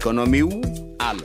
ኢኮኖሚው አለ።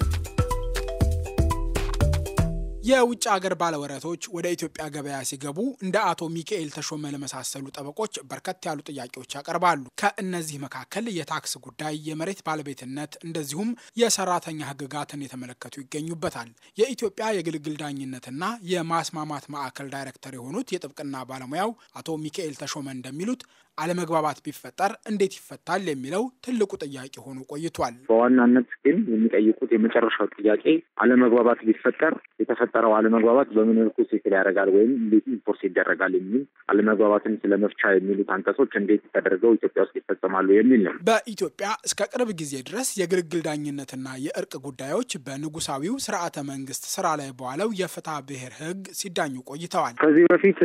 የውጭ ሀገር ባለወረቶች ወደ ኢትዮጵያ ገበያ ሲገቡ እንደ አቶ ሚካኤል ተሾመ ለመሳሰሉ ጠበቆች በርከት ያሉ ጥያቄዎች ያቀርባሉ። ከእነዚህ መካከል የታክስ ጉዳይ፣ የመሬት ባለቤትነት እንደዚሁም የሰራተኛ ሕግጋትን የተመለከቱ ይገኙበታል። የኢትዮጵያ የግልግል ዳኝነትና የማስማማት ማዕከል ዳይሬክተር የሆኑት የጥብቅና ባለሙያው አቶ ሚካኤል ተሾመ እንደሚሉት አለመግባባት ቢፈጠር እንዴት ይፈታል የሚለው ትልቁ ጥያቄ ሆኖ ቆይቷል። በዋናነት ግን የሚጠይቁት የመጨረሻው ጥያቄ አለመግባባት ቢፈጠር የተፈጠረው አለመግባባት በምን መልኩ ሴትል ያደርጋል ወይም እንዴት ኢንፎርስ ይደረጋል የሚል አለመግባባትን ስለመፍቻ የሚሉት አንቀጾች እንዴት ተደርገው ኢትዮጵያ ውስጥ ይፈጸማሉ የሚል ነው። በኢትዮጵያ እስከ ቅርብ ጊዜ ድረስ የግልግል ዳኝነትና የእርቅ ጉዳዮች በንጉሳዊው ስርዓተ መንግስት ስራ ላይ በዋለው የፍትሐ ብሔር ህግ ሲዳኙ ቆይተዋል። ከዚህ በፊት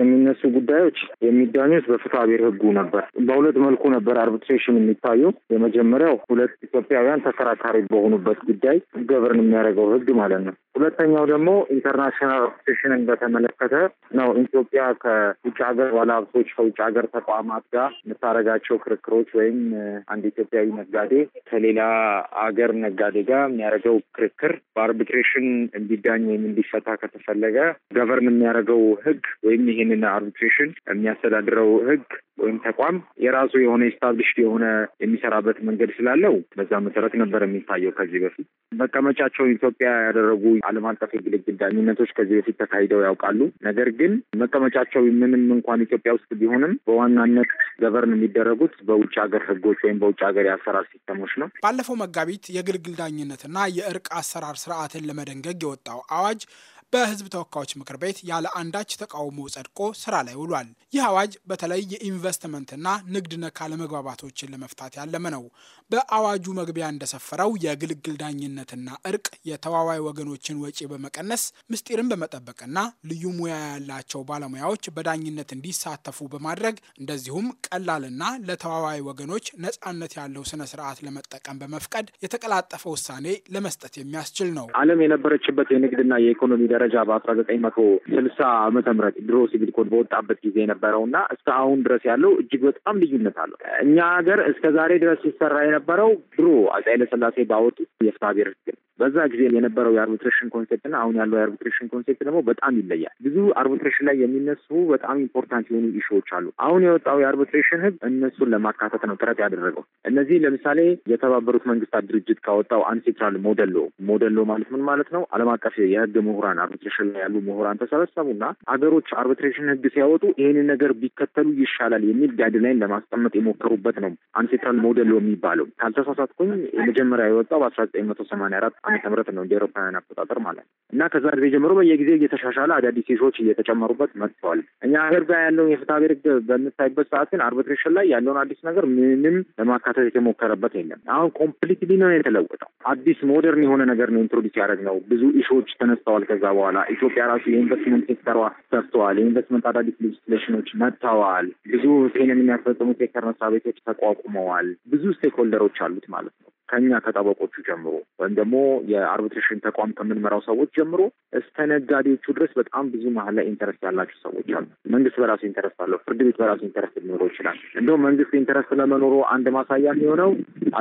የሚነሱ ጉዳዮች የሚዳኙት ብሔር ህጉ ነበር። በሁለት መልኩ ነበር አርቢትሬሽን የሚታየው። የመጀመሪያው ሁለት ኢትዮጵያውያን ተከራካሪ በሆኑበት ጉዳይ ገብርን የሚያደርገው ህግ ማለት ነው። ሁለተኛው ደግሞ ኢንተርናሽናል አርቢትሬሽንን በተመለከተ ነው። ኢትዮጵያ ከውጭ ሀገር ባለሀብቶች ከውጭ ሀገር ተቋማት ጋር የምታደርጋቸው ክርክሮች ወይም አንድ ኢትዮጵያዊ ነጋዴ ከሌላ አገር ነጋዴ ጋር የሚያደርገው ክርክር በአርቢትሬሽን እንዲዳኝ ወይም እንዲፈታ ከተፈለገ ገቨርን የሚያደርገው ህግ ወይም ይህንን አርቢትሬሽን የሚያስተዳድረው ህግ ወይም ተቋም የራሱ የሆነ ኤስታብሊሽድ የሆነ የሚሰራበት መንገድ ስላለው በዛ መሰረት ነበር የሚታየው። ከዚህ በፊት መቀመጫቸውን ኢትዮጵያ ያደረጉ ዓለም አቀፍ የግል ዳኝነቶች ከዚህ በፊት ተካሂደው ያውቃሉ። ነገር ግን መቀመጫቸው ምንም እንኳን ኢትዮጵያ ውስጥ ቢሆንም በዋናነት ገቨርን የሚደረጉት በውጭ ሀገር ህጎች ወይም በውጭ ሀገር የአሰራር ሲስተሞች ነው። ባለፈው መጋቢት የግልግል ዳኝነትና የእርቅ አሰራር ስርዓትን ለመደንገግ የወጣው አዋጅ በህዝብ ተወካዮች ምክር ቤት ያለ አንዳች ተቃውሞ ጸድቆ ስራ ላይ ውሏል። ይህ አዋጅ በተለይ የኢንቨስትመንትና ንግድ ነክ አለመግባባቶችን ለመፍታት ያለመ ነው። በአዋጁ መግቢያ እንደሰፈረው የግልግል ዳኝነትና እርቅ የተዋዋይ ወገኖችን ወጪ በመቀነስ ምስጢርን በመጠበቅና ልዩ ሙያ ያላቸው ባለሙያዎች በዳኝነት እንዲሳተፉ በማድረግ እንደዚሁም ቀላልና ለተዋዋይ ወገኖች ነጻነት ያለው ስነ ስርዓት ለመጠቀም በመፍቀድ የተቀላጠፈ ውሳኔ ለመስጠት የሚያስችል ነው። ዓለም የነበረችበት የንግድና የኢኮኖሚ ደረጃ በአስራ ዘጠኝ መቶ ስልሳ ዓመተ ምህረት ድሮ ሲቪል ኮድ በወጣበት ጊዜ የነበረው እና እስከ አሁን ድረስ ያለው እጅግ በጣም ልዩነት አለው። እኛ ሀገር እስከ ዛሬ ድረስ ሲሰራ የነበረው ድሮ አፄ ኃይለስላሴ ባወጡት የፍትሐ ብሔር ነው። በዛ ጊዜ የነበረው የአርቢትሬሽን ኮንሴፕት እና አሁን ያለው የአርቢትሬሽን ኮንሴፕት ደግሞ በጣም ይለያል። ብዙ አርቢትሬሽን ላይ የሚነሱ በጣም ኢምፖርታንት የሆኑ ኢሹዎች አሉ። አሁን የወጣው የአርቢትሬሽን ህግ እነሱን ለማካተት ነው ጥረት ያደረገው። እነዚህ ለምሳሌ የተባበሩት መንግስታት ድርጅት ካወጣው አንሴትራል ሞዴል ሎው ማለት ምን ማለት ነው? ዓለም አቀፍ የህግ ምሁራን አርቢትሬሽን ላይ ያሉ ምሁራን ተሰበሰቡና ሀገሮች አርቢትሬሽን ህግ ሲያወጡ ይህንን ነገር ቢከተሉ ይሻላል የሚል ጋይድላይን ለማስቀመጥ የሞከሩበት ነው አንሴትራል ሞዴል የሚባለው። ካልተሳሳትኩኝ የመጀመሪያ የወጣው በአስራ ዘጠኝ መቶ ሰማንያ አራት ምህረት ነው እንደ ኤሮፓውያን አቆጣጠር ማለት ነው። እና ከዛ ጊዜ ጀምሮ በየጊዜው እየተሻሻለ አዳዲስ ሴሾች እየተጨመሩበት መጥተዋል። እኛ ሀገር ጋር ያለውን የፍትሐ ብሔር ህግ በምታይበት ሰዓት ግን አርቢትሬሽን ላይ ያለውን አዲስ ነገር ምንም ለማካተት የተሞከረበት የለም። አሁን ኮምፕሊትሊ ነው የተለወጠው። አዲስ ሞደርን የሆነ ነገር ነው ኢንትሮዲስ ያደረግ ነው። ብዙ ኢሹዎች ተነስተዋል። ከዛ በኋላ ኢትዮጵያ ራሱ የኢንቨስትመንት ሴክተሯ ሰፍተዋል። የኢንቨስትመንት አዳዲስ ሌጅስሌሽኖች መጥተዋል። ብዙ ይህንን የሚያስፈጽሙ ሴክተር መስሪያ ቤቶች ተቋቁመዋል። ብዙ ስቴክሆልደሮች አሉት ማለት ነው። ከኛ ከጠበቆቹ ጀምሮ ወይም ደግሞ የአርቢትሬሽን ተቋም ከምንመራው ሰዎች ጀምሮ እስከ ነጋዴዎቹ ድረስ በጣም ብዙ መሀል ላይ ኢንተረስት ያላቸው ሰዎች አሉ። መንግስት በራሱ ኢንተረስት አለው። ፍርድ ቤት በራሱ ኢንተረስት ሊኖረው ይችላል። እንደውም መንግስት ኢንተረስት ለመኖሩ አንድ ማሳያ የሚሆነው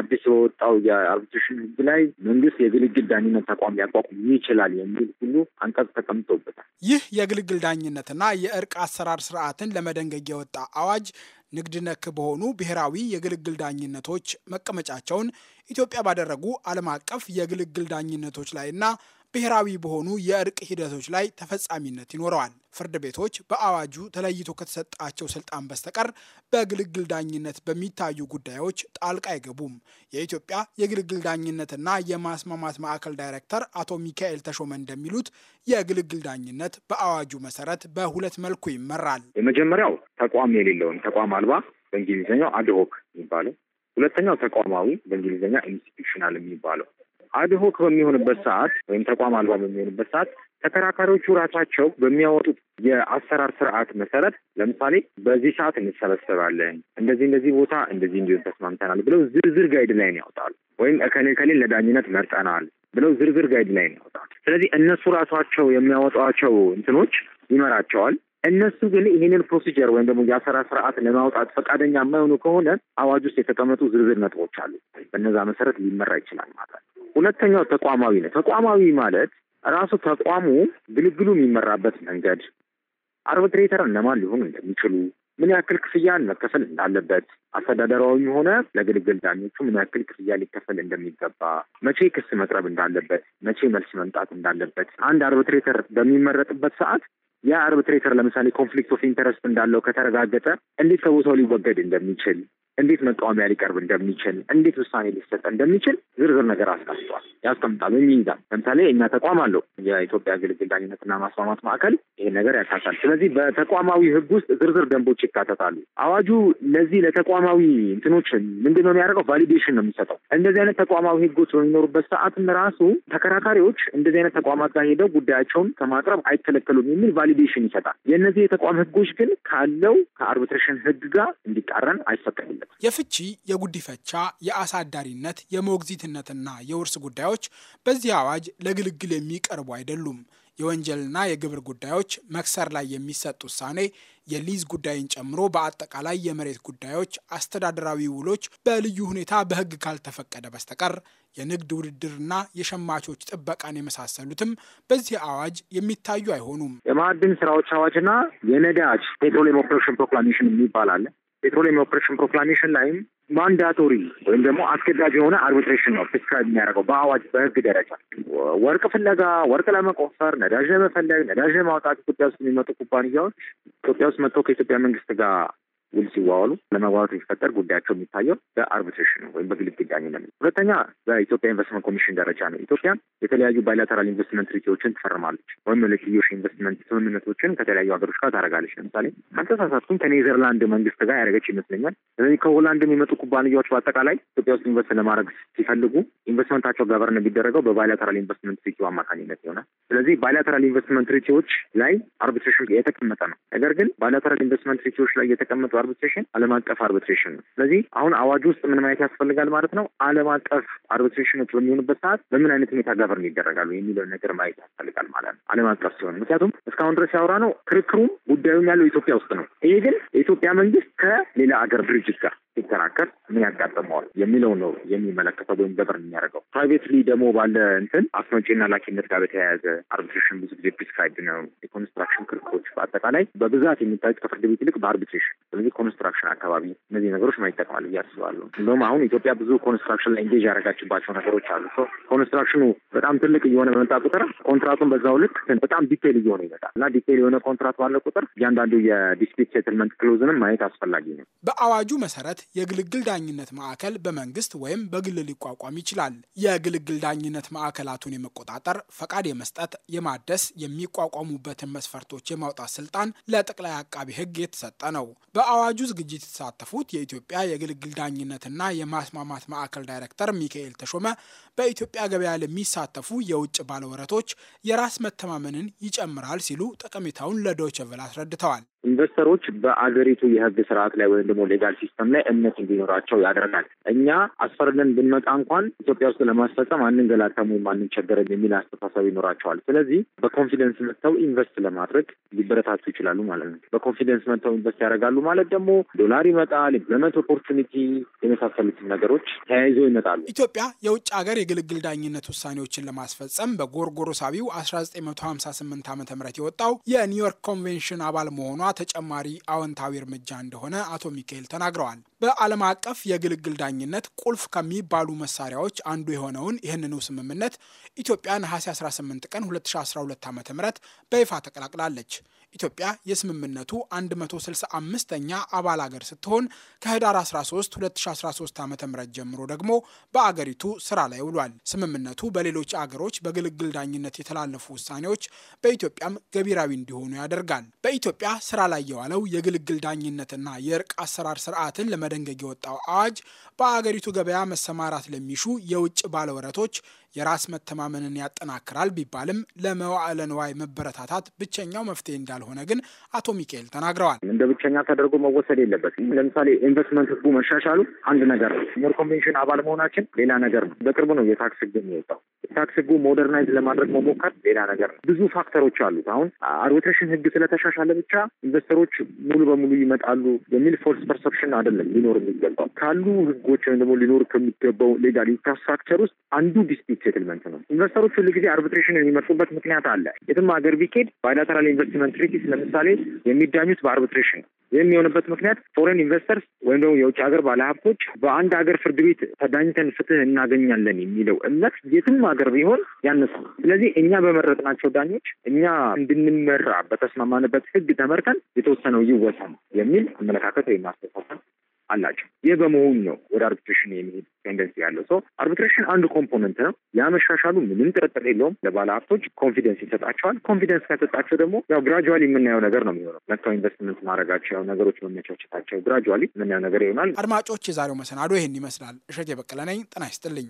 አዲስ በወጣው የአርቢትሬሽን ህግ ላይ መንግስት የግልግል ዳኝነት ተቋም ሊያቋቁም ይችላል የሚል ሁሉ አንቀጽ ተቀምጦበታል። ይህ የግልግል ዳኝነትና የእርቅ አሰራር ስርዓትን ለመደንገግ የወጣ አዋጅ ንግድ ነክ በሆኑ ብሔራዊ የግልግል ዳኝነቶች መቀመጫቸውን ኢትዮጵያ ባደረጉ ዓለም አቀፍ የግልግል ዳኝነቶች ላይና ብሔራዊ በሆኑ የእርቅ ሂደቶች ላይ ተፈጻሚነት ይኖረዋል። ፍርድ ቤቶች በአዋጁ ተለይቶ ከተሰጣቸው ስልጣን በስተቀር በግልግል ዳኝነት በሚታዩ ጉዳዮች ጣልቃ አይገቡም። የኢትዮጵያ የግልግል ዳኝነትና የማስማማት ማዕከል ዳይሬክተር አቶ ሚካኤል ተሾመ እንደሚሉት የግልግል ዳኝነት በአዋጁ መሰረት በሁለት መልኩ ይመራል። የመጀመሪያው ተቋም የሌለውን ተቋም አልባ በእንግሊዝኛው አድሆክ የሚባለው፣ ሁለተኛው ተቋማዊ በእንግሊዝኛ ኢንስቲቱሽናል የሚባለው አድሆክ በሚሆንበት ሰዓት ወይም ተቋም አልባ በሚሆንበት ሰዓት ተከራካሪዎቹ ራሳቸው በሚያወጡት የአሰራር ስርዓት መሰረት ለምሳሌ በዚህ ሰዓት እንሰበሰባለን፣ እንደዚህ እንደዚህ ቦታ እንደዚህ እንዲሆን ተስማምተናል ብለው ዝርዝር ጋይድ ላይን ያወጣሉ። ወይም እከሌ እከሌን ለዳኝነት መርጠናል ብለው ዝርዝር ጋይድ ላይን ያወጣሉ። ስለዚህ እነሱ ራሷቸው የሚያወጧቸው እንትኖች ይመራቸዋል። እነሱ ግን ይህንን ፕሮሲጀር ወይም ደግሞ የአሰራር ስርዓት ለማውጣት ፈቃደኛ የማይሆኑ ከሆነ አዋጅ ውስጥ የተቀመጡ ዝርዝር ነጥቦች አሉ። በነዛ መሰረት ሊመራ ይችላል ማለት ሁለተኛው ተቋማዊ ነው። ተቋማዊ ማለት ራሱ ተቋሙ ግልግሉ የሚመራበት መንገድ፣ አርቢትሬተር እነማን ሊሆኑ እንደሚችሉ፣ ምን ያክል ክፍያ መከፈል እንዳለበት፣ አስተዳደራዊም ሆነ ለግልግል ዳኞቹ ምን ያክል ክፍያ ሊከፈል እንደሚገባ፣ መቼ ክስ መቅረብ እንዳለበት፣ መቼ መልስ መምጣት እንዳለበት አንድ አርቢትሬተር በሚመረጥበት ሰዓት ያ አርቢትሬተር ለምሳሌ ኮንፍሊክት ኦፍ ኢንተረስት እንዳለው ከተረጋገጠ እንዴት ከቦታው ሊወገድ እንደሚችል እንዴት መቃወሚያ ሊቀርብ እንደሚችል እንዴት ውሳኔ ሊሰጥ እንደሚችል ዝርዝር ነገር አስቀምጧል ያስቀምጣል ወይም ይይዛል። ለምሳሌ እኛ ተቋም አለው የኢትዮጵያ ግልግል ዳኝነትና ማስማማት ማዕከል ይህን ነገር ያካታል። ስለዚህ በተቋማዊ ህግ ውስጥ ዝርዝር ደንቦች ይካተታሉ። አዋጁ ለዚህ ለተቋማዊ እንትኖች ምንድን ነው የሚያደርገው? ቫሊዴሽን ነው የሚሰጠው። እንደዚህ አይነት ተቋማዊ ህጎች በሚኖሩበት ሰዓትም ራሱ ተከራካሪዎች እንደዚህ አይነት ተቋማት ጋር ሄደው ጉዳያቸውን ከማቅረብ አይከለከሉም የሚል ቫሊዴሽን ይሰጣል። የእነዚህ የተቋም ህጎች ግን ካለው ከአርቢትሬሽን ህግ ጋር እንዲቃረን አይፈቀድልም። የፍቺ፣ የጉዲፈቻ፣ የአሳዳሪነት፣ የሞግዚትነትና የውርስ ጉዳዮች በዚህ አዋጅ ለግልግል የሚቀርቡ አይደሉም። የወንጀልና የግብር ጉዳዮች፣ መክሰር ላይ የሚሰጥ ውሳኔ፣ የሊዝ ጉዳይን ጨምሮ በአጠቃላይ የመሬት ጉዳዮች፣ አስተዳደራዊ ውሎች በልዩ ሁኔታ በሕግ ካልተፈቀደ በስተቀር የንግድ ውድድርና የሸማቾች ጥበቃን የመሳሰሉትም በዚህ አዋጅ የሚታዩ አይሆኑም። የማዕድን ስራዎች አዋጅና የነዳጅ ፔትሮሊየም ኦፕሬሽን ፕሮክላሜሽን የሚባል አለ። ፔትሮሊየም ኦፕሬሽን ፕሮክላሜሽን ላይም ማንዳቶሪ ወይም ደግሞ አስገዳጅ የሆነ አርቢትሬሽን ነው ፕሪስክራይብ የሚያደርገው በአዋጅ በህግ ደረጃ ወርቅ ፍለጋ፣ ወርቅ ለመቆፈር፣ ነዳጅ ለመፈለግ፣ ነዳጅ ለማውጣት ኢትዮጵያ ውስጥ የሚመጡ ኩባንያዎች ኢትዮጵያ ውስጥ መጥቶ ከኢትዮጵያ መንግስት ጋር ውል ሲዋዋሉ ለመዋዋሉ ሲፈጠር ጉዳያቸው የሚታየው በአርቢትሬሽን ነው ወይም በግልብ ዳኝነት ነው። ሁለተኛ በኢትዮጵያ ኢንቨስትመንት ኮሚሽን ደረጃ ነው። ኢትዮጵያ የተለያዩ ባይላተራል ኢንቨስትመንት ትሪቲዎችን ትፈርማለች ወይም ሁለትዮሽ ኢንቨስትመንት ስምምነቶችን ከተለያዩ ሀገሮች ጋር ታደርጋለች። ለምሳሌ ካልተሳሳትኩም ከኔዘርላንድ መንግስት ጋር ያደረገች ይመስለኛል። ስለዚህ ከሆላንድ የሚመጡ ኩባንያዎች በአጠቃላይ ኢትዮጵያ ውስጥ ኢንቨስት ለማድረግ ሲፈልጉ ኢንቨስትመንታቸው ገቨርን የሚደረገው በባይላተራል ኢንቨስትመንት ትሪቲ አማካኝነት ይሆናል። ስለዚህ ባይላተራል ኢንቨስትመንት ትሪቲዎች ላይ አርቢትሬሽን የተቀመጠ ነው። ነገር ግን ባይላተራል ኢንቨስትመንት ትሪቲዎች ላይ የተቀመጠ አርቢትሬሽን ዓለም አቀፍ አርቢትሬሽን ነው። ስለዚህ አሁን አዋጅ ውስጥ ምን ማየት ያስፈልጋል ማለት ነው። ዓለም አቀፍ አርቢትሬሽኖች በሚሆኑበት ሰዓት በምን አይነት ሁኔታ ገቨርን ይደረጋሉ የሚለው ነገር ማየት ያስፈልጋል ማለት ነው። ዓለም አቀፍ ሲሆን ምክንያቱም እስካሁን ድረስ ያወራ ነው ክርክሩም ጉዳዩም ያለው ኢትዮጵያ ውስጥ ነው። ይሄ ግን የኢትዮጵያ መንግስት ከሌላ አገር ድርጅት ጋር ሲከራከር ምን ያጋጥመዋል የሚለው ነው የሚመለከተው ወይም ገቨርን የሚያደርገው። ፕራይቬትሊ ደግሞ ባለ እንትን አስመጪና ላኪነት ጋር በተያያዘ አርቢትሬሽን ብዙ ጊዜ ፕሪስክራይብ ነው። የኮንስትራክሽን ክርክሮች በአጠቃላይ በብዛት የሚታዩት ከፍርድ ቤት ይልቅ በአርቢትሬሽን ስለዚህ ኮንስትራክሽን አካባቢ እነዚህ ነገሮች ማን ይጠቅማል ብዬ አስባለሁ። እንደውም አሁን ኢትዮጵያ ብዙ ኮንስትራክሽን ላይ ኢንጌጅ ያደረጋችባቸው ነገሮች አሉ። ኮንስትራክሽኑ በጣም ትልቅ እየሆነ በመጣ ቁጥር ኮንትራቱን በዛው ልክ በጣም ዲቴል እየሆነ ይመጣል እና ዲቴል የሆነ ኮንትራት ባለ ቁጥር እያንዳንዱ የዲስፒት ሴትልመንት ክሎዝንም ማየት አስፈላጊ ነው። በአዋጁ መሰረት የግልግል ዳኝነት ማዕከል በመንግስት ወይም በግል ሊቋቋም ይችላል። የግልግል ዳኝነት ማዕከላቱን የመቆጣጠር ፈቃድ የመስጠት፣ የማደስ፣ የሚቋቋሙበትን መስፈርቶች የማውጣት ስልጣን ለጠቅላይ አቃቢ ህግ የተሰጠ ነው። በአዋጁ ዝግጅት የተሳተፉት የኢትዮጵያ የግልግል ዳኝነትና የማስማማት ማዕከል ዳይሬክተር ሚካኤል ተሾመ በኢትዮጵያ ገበያ ለሚሳተፉ የውጭ ባለወረቶች የራስ መተማመንን ይጨምራል ሲሉ ጠቀሜታውን ለዶይቸ ቬለ አስረድተዋል። ኢንቨስተሮች በአገሪቱ የህግ ስርዓት ላይ ወይም ደግሞ ሌጋል ሲስተም ላይ እምነት እንዲኖራቸው ያደርጋል። እኛ አስፈርደን ብንመጣ እንኳን ኢትዮጵያ ውስጥ ለማስፈጸም አንንገላታም ወይም አንቸገርም የሚል አስተሳሰብ ይኖራቸዋል። ስለዚህ በኮንፊደንስ መጥተው ኢንቨስት ለማድረግ ሊበረታቱ ይችላሉ ማለት ነው። በኮንፊደንስ መጥተው ኢንቨስት ያደርጋሉ ማለት ደግሞ ዶላር ይመጣል፣ ኢምፕሎይመንት ኦፖርቹኒቲ የመሳሰሉትን ነገሮች ተያይዘው ይመጣሉ። ኢትዮጵያ የውጭ ሀገር የግልግል ዳኝነት ውሳኔዎችን ለማስፈጸም በጎርጎሮሳቢው 1958 ዓ ም የወጣው የኒውዮርክ ኮንቬንሽን አባል መሆኗ ተጨማሪ አዎንታዊ እርምጃ እንደሆነ አቶ ሚካኤል ተናግረዋል። በዓለም አቀፍ የግልግል ዳኝነት ቁልፍ ከሚባሉ መሳሪያዎች አንዱ የሆነውን ይህንኑ ስምምነት ኢትዮጵያ ነሐሴ 18 ቀን 2012 ዓ ም በይፋ ተቀላቅላለች። ኢትዮጵያ የስምምነቱ 165ኛ አባል አገር ስትሆን ከህዳር 13 2013 ዓ ም ጀምሮ ደግሞ በአገሪቱ ስራ ላይ ውሏል። ስምምነቱ በሌሎች አገሮች በግልግል ዳኝነት የተላለፉ ውሳኔዎች በኢትዮጵያም ገቢራዊ እንዲሆኑ ያደርጋል። በኢትዮጵያ ስራ ላይ የዋለው የግልግል ዳኝነትና የእርቅ አሰራር ስርዓትን ለመደንገግ የወጣው አዋጅ በአገሪቱ ገበያ መሰማራት ለሚሹ የውጭ ባለወረቶች የራስ መተማመንን ያጠናክራል ቢባልም ለመዋዕለ ንዋይ መበረታታት ብቸኛው መፍትሄ እንዳልሆነ ግን አቶ ሚካኤል ተናግረዋል። እንደ ብቸኛ ተደርጎ መወሰድ የለበትም። ለምሳሌ ኢንቨስትመንት ህጉ መሻሻሉ አንድ ነገር ነው። ዩኒየን ኮንቬንሽን አባል መሆናችን ሌላ ነገር ነው። በቅርቡ ነው የታክስ ህግ የሚወጣው። የታክስ ህጉ ሞደርናይዝ ለማድረግ መሞከር ሌላ ነገር ነው። ብዙ ፋክተሮች አሉት። አሁን አርቢትሬሽን ህግ ስለተሻሻለ ብቻ ኢንቨስተሮች ሙሉ በሙሉ ይመጣሉ የሚል ፎልስ ፐርሰፕሽን አይደለም ሊኖር የሚገባው ካሉ ህጎች ወይም ደግሞ ሊኖር ከሚገባው ሌጋል ኢንፍራስትራክቸር ውስጥ አንዱ ዲስፒት ሴትልመንት ነው። ኢንቨስተሮች ሁሉ ጊዜ አርቢትሬሽን የሚመርጡበት ምክንያት አለ። የትም ሀገር ቢኬድ ባይላተራል ኢንቨስትመንት ትሪቲስ ለምሳሌ የሚዳኙት በአርቢትሬሽን ነው። ይህም የሆነበት ምክንያት ፎሬን ኢንቨስተርስ ወይም ደግሞ የውጭ ሀገር ባለሀብቶች በአንድ ሀገር ፍርድ ቤት ተዳኝተን ፍትህ እናገኛለን የሚለው እምነት የትም ሀገር ቢሆን ያነሱ። ስለዚህ እኛ በመረጥናቸው ዳኞች እኛ እንድንመራ በተስማማንበት ህግ ተመርተን የተወሰነው ይወሰን የሚል አመለካከት ወይም አስተሳሰብ አላቸው። ይህ በመሆኑ ነው ወደ አርቢትሬሽን የሚሄድ ቴንደንሲ ያለው ሰው። አርቢትሬሽን አንዱ ኮምፖነንት ነው። ያ መሻሻሉ ምንም ጥርጥር የለውም። ለባለ ሀብቶች ኮንፊደንስ ይሰጣቸዋል። ኮንፊደንስ ከሰጣቸው ደግሞ ያው ግራጁዋሊ የምናየው ነገር ነው የሚሆነው። መጥተው ኢንቨስትመንት ማድረጋቸው፣ ነገሮች መመቻቸታቸው ግራጁዋሊ የምናየው ነገር ይሆናል። አድማጮች፣ የዛሬው መሰናዶ ይህን ይመስላል። እሸት የበቀለነኝ ነኝ። ጤና ይስጥልኝ።